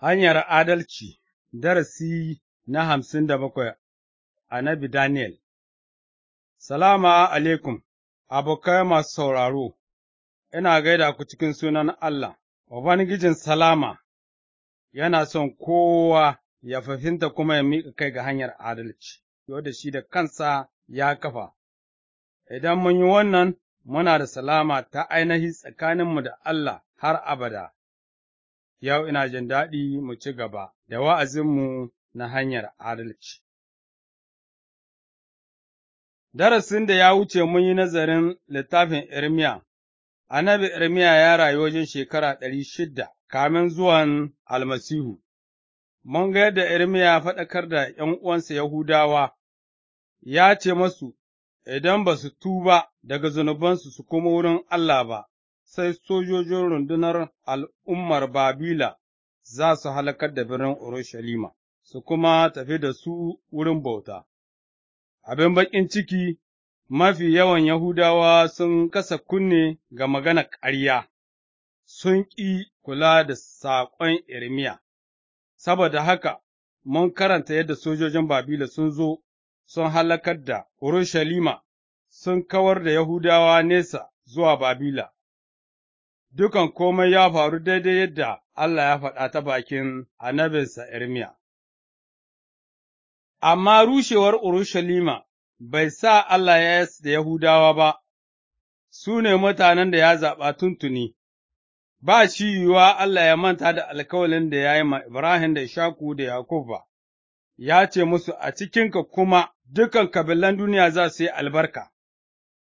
Hanyar Adalci Darasi na hamsin da bakwai Annabi Daniel Salama alaikum, abokai masu sauraro, ina gaida ku cikin sunan Allah, Ubangijin Salama yana son kowa ya fahimta kuma ya miƙa kai ga hanyar adalci, da shi da kansa ya kafa. Idan mun yi wannan, muna da salama ta ainihi tsakaninmu da Allah har abada. Yau ina jin daɗi mu ci gaba da wa'azinmu na hanyar adalci. Darasin da ya wuce mun yi nazarin littafin Irmiya, annabi Irmiya ya rayu wajen shekara ɗari shida kamin zuwan almasihu, mun ga yadda Irmiya faɗakar da ’yan uwansa Yahudawa, ya ce masu, Idan ba su tuba daga zunubansu su kuma wurin Allah ba, sai sojojin rundunar al'ummar Babila za su halakar da birnin Urushalima, su kuma tafi da su wurin bauta. Abin baƙin ciki, mafi yawan Yahudawa sun kasa kunne ga magana ƙarya, sun ƙi kula da saƙon Irmiya, saboda haka mun karanta yadda sojojin Babila sun zo sun halakar da Urushalima, sun kawar da Yahudawa nesa zuwa Babila. dukan komai ya faru daidai yadda Allah ya faɗa ta bakin annabinsa Irmiya. Amma rushewar Urushalima bai sa Allah ya yas da Yahudawa ba, su ne mutanen da ya zaɓa tuntuni, ba shi yiwuwa Allah ya manta da alkawalin da ya yi ma Ibrahim da Ishaku da Yakub ba, ya ce musu a cikinka kuma dukan kabilan duniya za su yi albarka,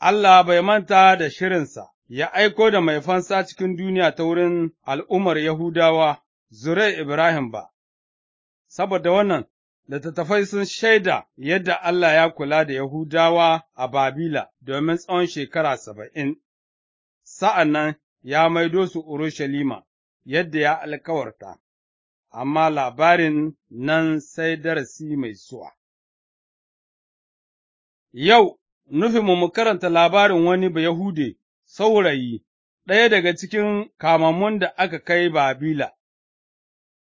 Allah bai manta da shirinsa. ya aiko da mai fansa cikin duniya ta wurin al'ummar Yahudawa, zure Ibrahim ba, saboda wannan littattafai sun shaida yadda Allah ya kula da Yahudawa a Babila domin tsawon shekara saba'in, sa'an nan ya maido su Urushalima yadda ya alkawarta, amma labarin nan sai darasi mai suwa. Yau, nufinmu mu karanta labarin wani Bayahude saurayi, ɗaya daga cikin kamammun da aka kai Babila,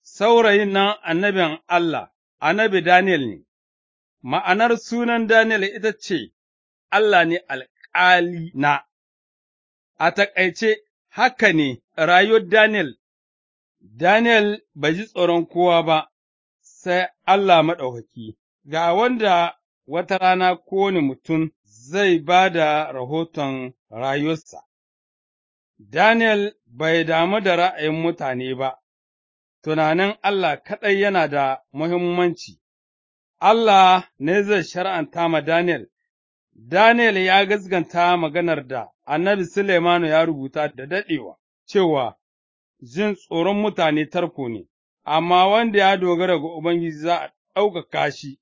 saurayin nan annabin Allah, annabi Daniel ne, ma'anar sunan Daniel ita ce, Allah ne alƙali na, a taƙaice haka ne rayuwar Daniel, Daniel bai ji tsoron kowa ba, sai Allah maɗaukaki, ga wanda wata rana kowane mutum zai ba da rahoton rayuwarsa. Daniel bai damu da ra'ayin mutane ba, tunanin Allah kaɗai yana da muhimmanci, Allah ne zai shar'anta ma Daniel. Daniel ya gaskanta maganar da annabi Suleimanu ya rubuta da daɗewa, cewa jin tsoron mutane tarko ne, amma wanda ya dogara ga Ubangiji za a ɗaukaka shi,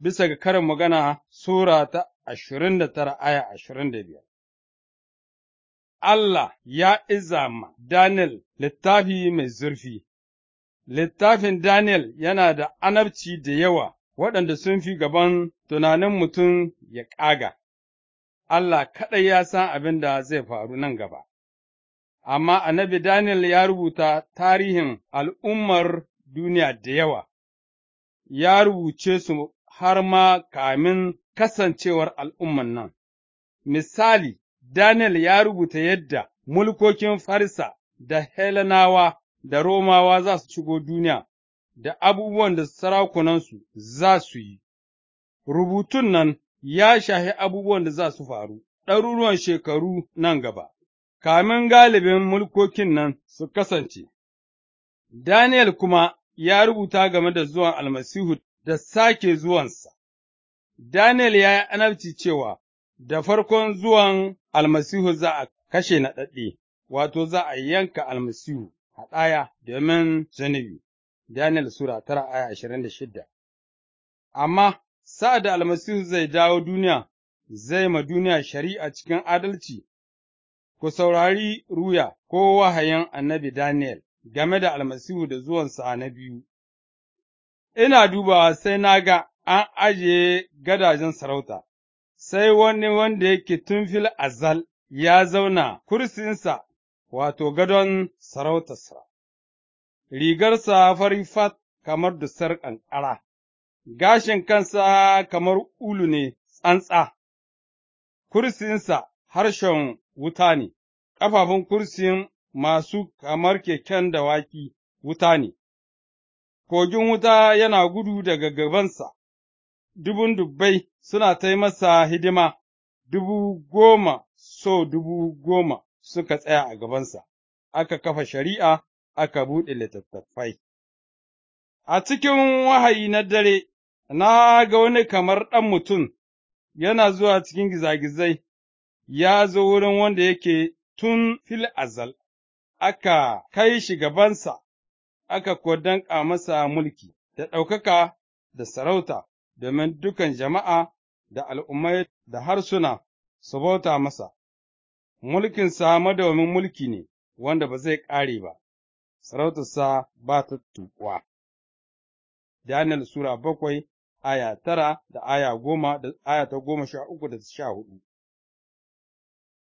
bisa ga karin magana Sura ta ashirin da tara aya ashirin da biyar. Allah ya ma Daniel littafi mai zurfi, littafin Daniel yana da anabci da yawa waɗanda sun fi gaban tunanin mutum ya ƙaga, Allah kaɗai ya san abin da zai faru nan gaba. Amma annabi Daniel ya rubuta tarihin al'ummar duniya da yawa, ya rubuce su har ma kamin kasancewar al'umman nan. Misali, Daniel ya rubuta yadda mulkokin Farisa da Helenawa da Romawa za su shigo duniya, da abubuwan da sarakunansu za su yi. Rubutun nan ya shahi abubuwan da za su faru ɗaruruwan shekaru nan gaba, kamin galibin mulkokin nan su kasance. Daniel kuma ya rubuta game da zuwan almasihu da sake zuwansa. Daniel ya yi anabci cewa da farkon zuwan almasihu za a kashe naɗaɗɗe, wato za a yanka almasihu a ɗaya domin zunubi. Daniel Sura tara aya ashirin da shidda. Amma sa'ad da almasihu zai dawo duniya, zai ma duniya shari'a cikin adalci, ku saurari ruya ko wahayin annabi Daniel game da almasihu da zuwansa na biyu. ina dubawa sai na ga an ajiye gadajen sarauta, sai wani wanda yake tun fil azal ya zauna kursinsa, wato gadon sarautarsa, rigarsa fari fat kamar dusar ƙanƙara, gashin kansa kamar ulu ne tsantsa, kursinsa harshen wuta ne, ƙafafun kursin masu kamar keken dawaki wuta ne. kogin wuta yana gudu daga gabansa, dubun dubbai suna ta masa hidima, dubu goma so dubu goma suka tsaya a gabansa, aka kafa shari'a aka buɗe littattafai. A cikin wahayi na dare, na ga wani kamar ɗan mutum yana zuwa cikin gizagizai, ya zo wurin wanda yake tun fil azal, aka kai shi gabansa, aka kuwa danƙa masa mulki da ɗaukaka da sarauta domin dukan jama'a da al'ummai da harsuna su bauta masa, mulkinsa madawamin mulki ne wanda ba zai ƙare ba, sarautarsa ba ta tuƙuwa. Daniel Sura bakwai aya tara da aya goma da aya ta goma sha uku da sha hudu.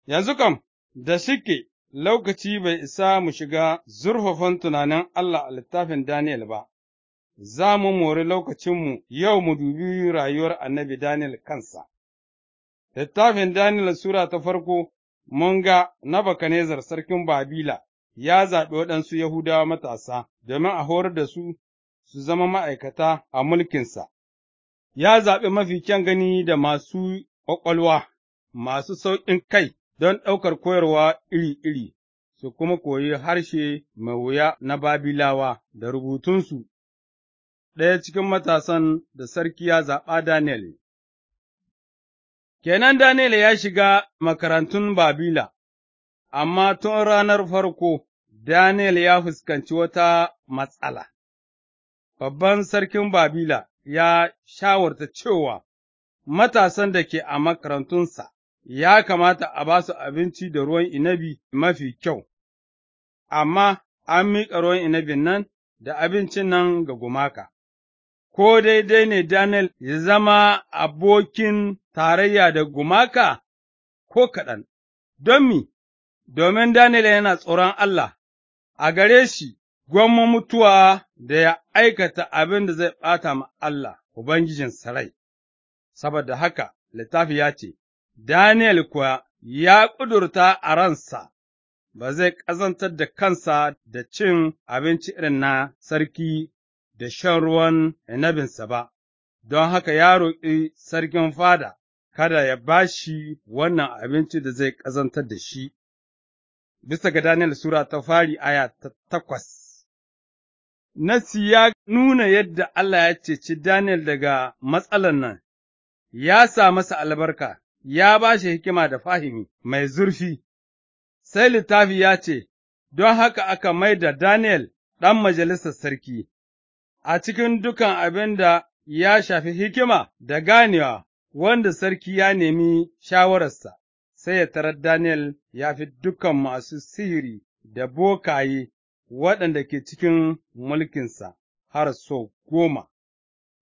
Yanzu kam, da shike lokaci bai isa mu shiga zurfafan tunanin Allah a littafin Daniel ba, za mu mori lokacinmu yau mu dubi rayuwar annabi Daniel kansa. Littafin Daniel Sura ta farko mun ga na bakanezar sarkin Babila ya zaɓi waɗansu Yahudawa matasa domin a horar da su su zama ma'aikata a mulkinsa, ya zaɓi mafi kyan gani da masu ƙwaƙwalwa, masu sauƙin kai, don ɗaukar koyarwa iri-iri, su kuma koyi harshe mai wuya na Babilawa da rubutunsu, ɗaya cikin matasan da sarki ya zaɓa Daniel. Kenan Daniel ya shiga makarantun Babila, amma tun ranar farko Daniel ya fuskanci wata matsala. Babban sarkin Babila ya shawarta cewa matasan da ke a makarantunsa ya kamata a ba su abinci da ruwan inabi mafi kyau, amma an miƙa ruwan inabin nan da abincin nan ga gumaka. Ko daidai ne Daniel ya zama abokin tarayya da gumaka ko kaɗan, don mi, domin Daniel yana tsoron Allah, a gare shi gwamma mutuwa da ya aikata abin da zai ɓata ma Allah, Ubangijin sarai, saboda haka littafi ya ce, Daniel kuwa ya ƙudurta a ransa, ba zai ƙazantar da kansa da cin abinci irin na sarki da shan ruwan inabinsa ba, don haka ya roƙi sarkin fada kada ya ba shi wannan abinci da zai ƙazantar da shi. Bisa ga Daniel Sura ta fari aya ta takwas. Nasi ya nuna yadda Allah ya ceci Daniel daga matsalan nan, ya sa masa albarka, ya ba shi hikima da fahimi mai zurfi, sai littafi ya ce, Don haka aka mai da Daniel ɗan majalisar sarki, a cikin dukan abin da ya shafi hikima da ganewa wanda sarki ya nemi shawararsa, sai ya tarar Daniel ya fi dukan masu sihiri da bokaye waɗanda ke cikin mulkinsa har sau goma.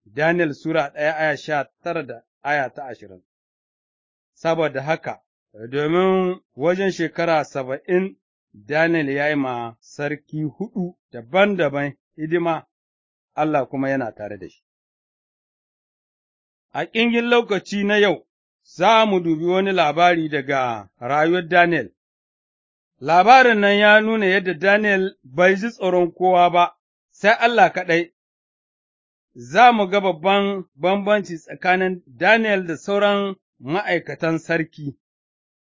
Daniel Sura ɗaya aya sha tara da aya ta ashirin saboda haka, domin wajen shekara saba'in Daniel ya yi ma sarki huɗu daban-daban hidima, Allah kuma yana tare da shi. A ƙingin lokaci na yau, za mu dubi wani labari daga rayuwar Daniel. Labarin nan ya nuna yadda Daniel bai ji tsoron kowa ba, sai Allah kaɗai. Za mu ga babban bambanci tsakanin Daniel da sauran ma'aikatan sarki,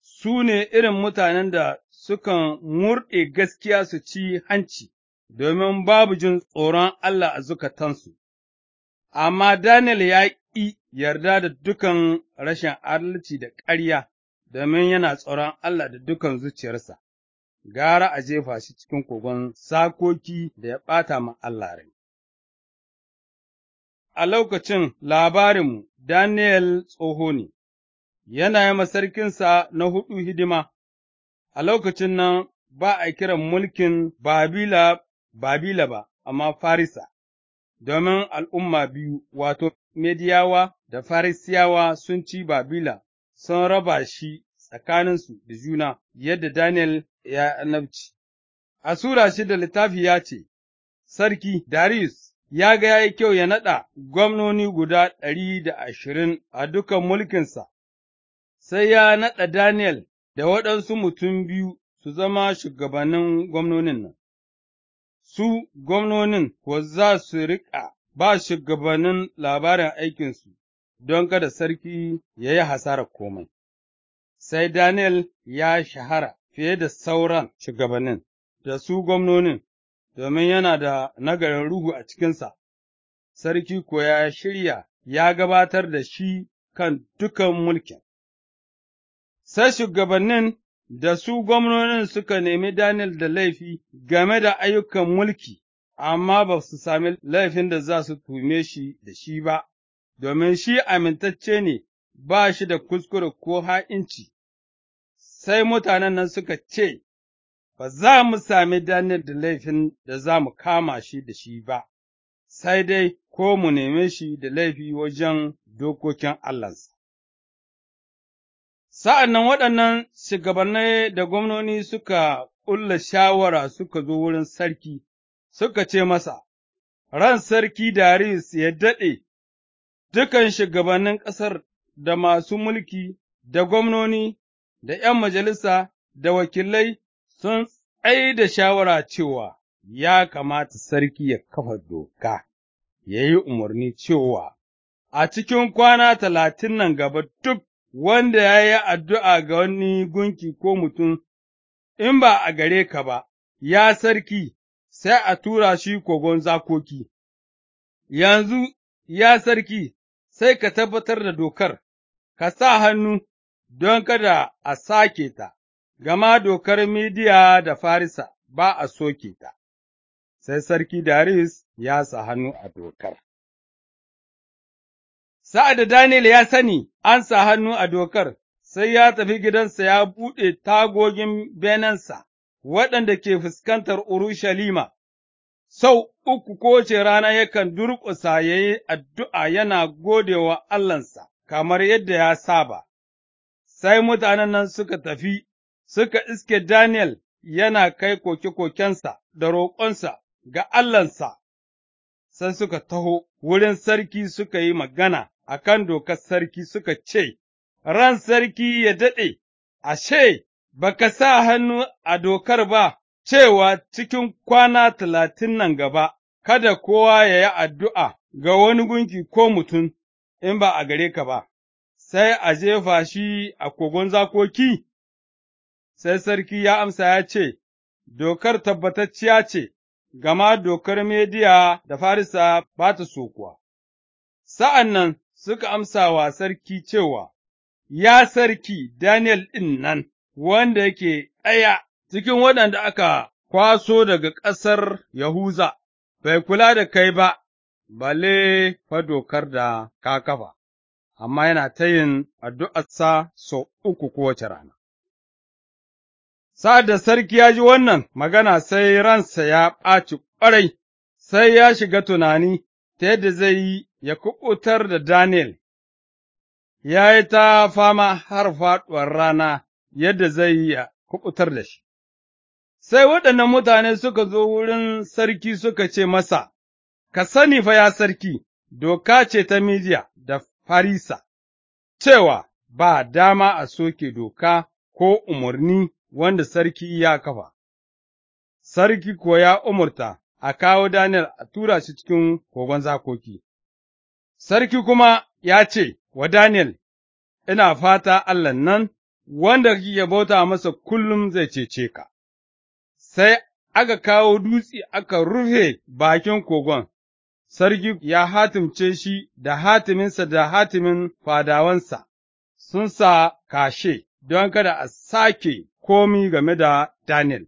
su ne irin mutanen da sukan murɗe gaskiya su ci hanci, domin babu jin tsoron Allah a zukatansu. Amma Daniel ya ƙi yarda da dukan rashin adalci da ƙarya, domin yana tsoron Allah da dukan zuciyarsa, gara a jefa shi cikin kogon sakoki da ya ɓata ma Allah rai. A lokacin labarinmu, Daniel tsoho ne, yana yi sarkinsa na hudu hidima, a lokacin nan ba a kiran mulkin Babila Babila ba, amma Farisa, domin al'umma biyu, wato, Mediyawa da Farisiyawa sun ci Babila, sun raba shi tsakaninsu da juna, yadda Daniel ya annabci. A Sura shida littafi ya ce, Sarki Darius ya ga ya yi kyau ya naɗa gwamnoni guda ɗari da ashirin a dukan mulkinsa, sai ya naɗa Daniel da waɗansu mutum biyu su zama shugabannin gwamnonin nan. Su gwamnonin kuwa za su riƙa ba shugabannin labarin aikinsu don kada sarki ya yi hasara komai. Sai Daniel ya shahara fiye da sauran shugabannin da su gwamnonin, domin yana da nagarin ruhu a cikinsa, sarki kuwa ya shirya ya gabatar da shi kan dukan mulkin. sai shugabannin da su gwamnonin suka nemi Daniel da laifi game da ayyukan mulki, amma ba su sami laifin da za su tume shi da shi ba, domin shi amintacce ne ba shi da kuskure ko ha'inci. Sai mutanen nan suka ce, Ba za mu sami Daniel da laifin da za mu kama shi da shi ba, sai dai ko mu neme shi da laifi wajen dokokin Allahnsa. Sa'an nan waɗannan shugabannai da gwamnoni suka ƙulla shawara suka zo wurin sarki, suka ce masa, Ran sarki Darius ya daɗe, dukan shugabannin ƙasar da masu mulki, da gwamnoni, da ’yan majalisa, da wakilai sun tsaye da shawara cewa ya kamata sarki ya kafa doka, ya yi umarni cewa a cikin kwana talatin nan gaba duk wanda ya yi addu'a ga wani gunki ko mutum, in ba a gare ka ba, ya sarki, sai a tura shi kogon zakoki. Yanzu, ya sarki, sai ka tabbatar da dokar, ka sa hannu don kada a sake ta, gama dokar Midiya da Farisa ba a soke ta. Sai sarki Daris ya sa hannu a dokar. Sa'ad da Daniel ya sani an sa hannu a dokar, sai ya tafi gidansa ya buɗe tagogin benensa waɗanda ke fuskantar Urushalima, sau uku kowace rana yakan durƙusa ya yi addu'a yana godewa Allahnsa, kamar yadda ya saba. Sai mutanen nan suka tafi, suka iske Daniel yana kai koke-kokensa da roƙonsa ga Allahnsa, sai suka taho wurin sarki suka yi magana. a kan dokar sarki suka ce, Ran sarki ya daɗe, ashe, ba ka sa hannu a dokar ba, cewa cikin kwana talatin nan gaba, kada kowa ya yi addu'a ga wani gunki ko mutum in ba a gare ka ba, sai a jefa shi a kogon zakoki? Sai sarki ya amsa ya ce, Dokar tabbatacciya ce, gama dokar Mediya da Farisa ba ta so kuwa. Sa'an nan suka amsa wa sarki cewa, Ya sarki Daniel ɗin nan, wanda yake ɗaya cikin waɗanda aka kwaso daga ƙasar Yahuza, bai kula da kai ba, bale fa dokar da ka kafa, amma yana ta yin addu'arsa sau uku kowace rana. Sa'ad da sarki ya ji wannan magana sai ransa ya ɓaci ƙwarai, sai ya shiga tunani ta yadda zai yi ya kuɓutar da Daniel, ya yi ta fama har faɗuwar rana yadda zai yi ya kuɓutar da shi. Sai waɗannan mutane suka zo wurin sarki suka ce masa, Ka sani fa ya sarki, doka ce ta Midiya da Farisa, cewa ba dama a soke doka ko umarni wanda sarki ya kafa. Sarki kuwa ya umarta a kawo Daniel a tura shi cikin kogon zakoki. Sarki kuma ya ce wa daniel Ina fata allah nan, wanda kike bauta masa kullum zai cece ka, sai aka kawo dutse aka rufe bakin kogon, sarki ya hatimce shi da hatiminsa da hatimin fadawansa, sun sa kashe don kada a sake komi game da Daniel.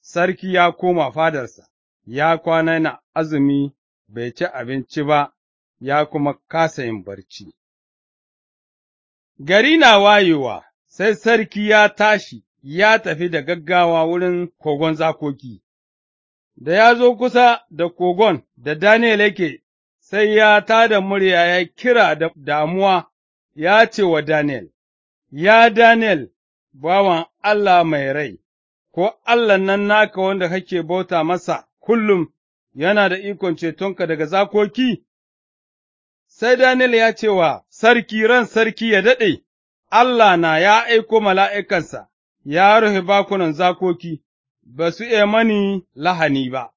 Sarki ya koma fadarsa, ya kwana yana azumi, bai ci abinci ba ya kuma kasa yin barci. Gari na wayewa, sai sarki ya tashi ya tafi da gaggawa wurin kogon zakoki, da ya zo kusa da kogon da Daniel yake, sai ya tā da murya ya kira da damuwa ya ce wa Daniel, Ya Daniel, bawan Allah mai rai, ko Allah nan naka wanda kake bauta masa kullum yana da ikon cetonka daga zakoki? sai Daniel ya ce wa sarki ran sarki ya daɗe, Allah na ya aiko mala'ikansa, ya rufe bakunan zakoki, ba su iya mani lahani ba,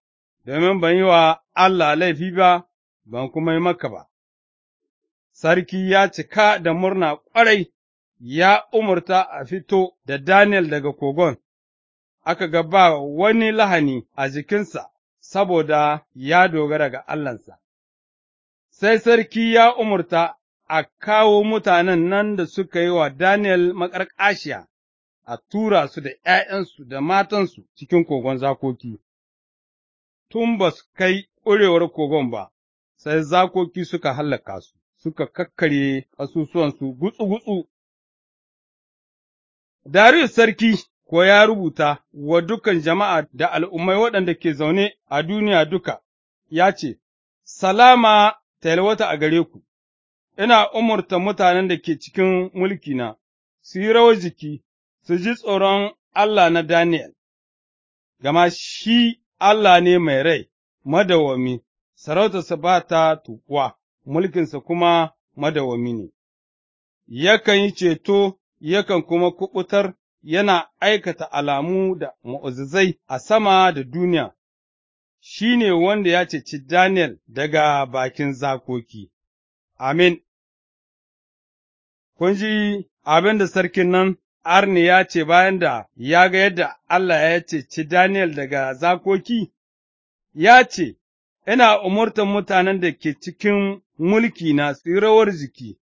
domin ban yi wa Allah laifi ba, ban kuma yi maka ba. Sarki ya cika da murna ƙwarai, ya umarta a fito da Daniel daga kogon, aka ga ba wani lahani a jikinsa, saboda ya dogara ga Allahnsa. sai sarki ya umurta a kawo mutanen nan da suka yi wa Daniel maƙarƙashiya, a tura su da ’ya'yansu da matansu cikin kogon zakoki, tun ba su kai ƙurewar kogon ba, sai zakoki suka hallaka su, suka kakkare ƙasusuwansu gutsu-gutsu. Darius sarki ko ya rubuta wa dukan jama'a da al'ummai waɗanda ke zaune a duniya duka, ya ce, Salama ta yalwata a gare ku, ina umarta mutanen da ke cikin mulkina su yi rawar jiki, su ji tsoron Allah na Daniel, gama shi Allah ne mai rai, madawami, sarautarsa ba ta tukuwa, mulkinsa kuma madawami ne, yakan yi ceto, yakan kuma kuɓutar, yana aikata alamu da mu'azizai a sama da duniya. shi ne wanda ya ceci Daniel daga bakin zakoki, amin. Kun ji abin da sarkin nan Arni ya ce bayan da ya ga yadda Allah ya ceci Daniel daga zakoki, ya ce, Ina umurtan mutanen da ke cikin mulki na tsirawar jiki,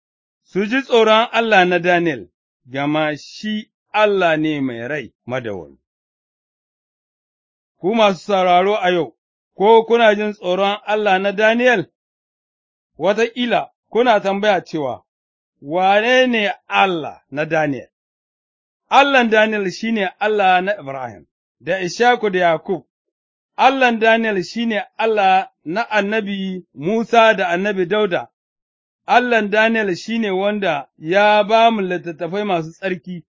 su ji tsoron Allah na Daniel, gama shi Allah ne mai rai madawan. Ku masu sauraro a yau, ko kuna jin tsoron Allah na Daniel, Wataƙila kuna tambaya cewa, Wane ne Allah na Daniel? Allahn Daniel shi ne Allah na Ibrahim, da Ishaku da Yakub, Allahn Daniel shi ne Allah na annabi Musa da annabi Dauda, Allahn Daniel shi ne wanda ya ba mu littattafai masu tsarki,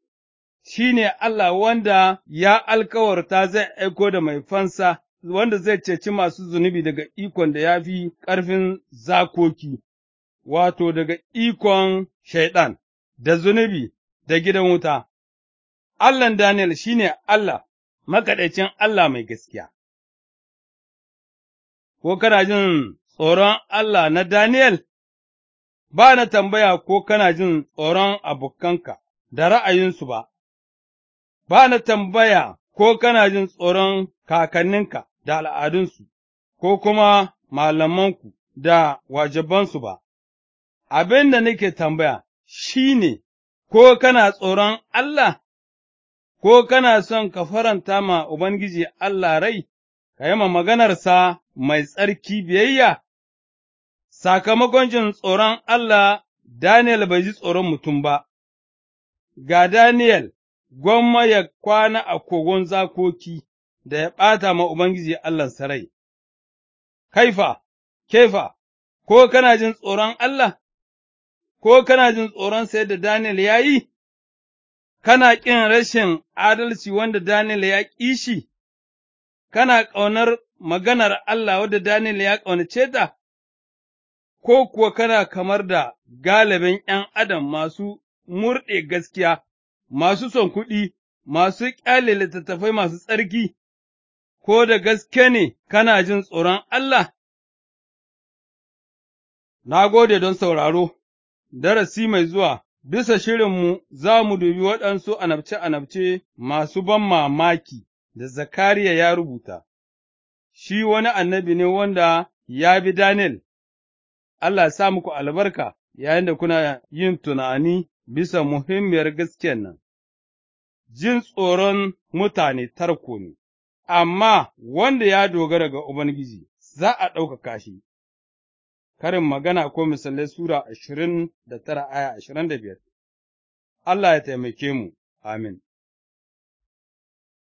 shi ne Allah wanda ya alkawarta zai aiko da mai fansa. wanda zai ceci masu zunubi daga ikon da ya fi ƙarfin zakoki, wato daga ikon Shaiɗan, da zunubi, da gidan wuta. Allahn Daniel shi ne Allah, makaɗaicin Allah mai gaskiya. Ko kana jin tsoron Allah na Daniel? Ba na tambaya ko kana jin tsoron abokanka da ra'ayinsu ba, ba na tambaya ko kana jin tsoron kakanninka, da al'adunsu, ko kuma malamanku da wajibansu ba, abin da nake tambaya shi ne, ko kana tsoron Allah, ko kana son ka faranta ma Ubangiji Allah rai, ka yi ma maganarsa mai tsarki biyayya, sakamakon jin tsoron Allah, Daniel bai ji tsoron mutum ba, ga Daniel, gwamma ya kwana a kogon zakoki. da ya ɓata ma Ubangiji Allah rai, kaifa, kefa, ko kana jin tsoron Allah, ko kana jin tsoron sai da Daniel ya yi, kana ƙin rashin adalci wanda Daniel ya ƙi shi, kana ƙaunar maganar Allah wadda Daniel ya ƙaunace ta, ko kuwa kana kamar da galibin ’yan adam masu murɗe gaskiya, masu son kuɗi, masu ƙyale littattafai masu tsarki, ko da gaske ne kana jin tsoron Allah? Na gode don sauraro, darasi mai zuwa, bisa shirinmu za mu dubi waɗansu anabce-anabce masu ban mamaki da Zakariya ya rubuta, shi wani annabi ne wanda ya bi Daniel, Allah sa muku albarka yayin da kuna yin tunani bisa muhimmiyar gaskiyar nan, jin tsoron mutane tarko ne. amma wanda ya dogara ga Ubangiji za a ɗaukaka shi. Karin magana ko misalai Sura ashirin da tara aya ashirin da biyar Allah ya taimake mu, amin.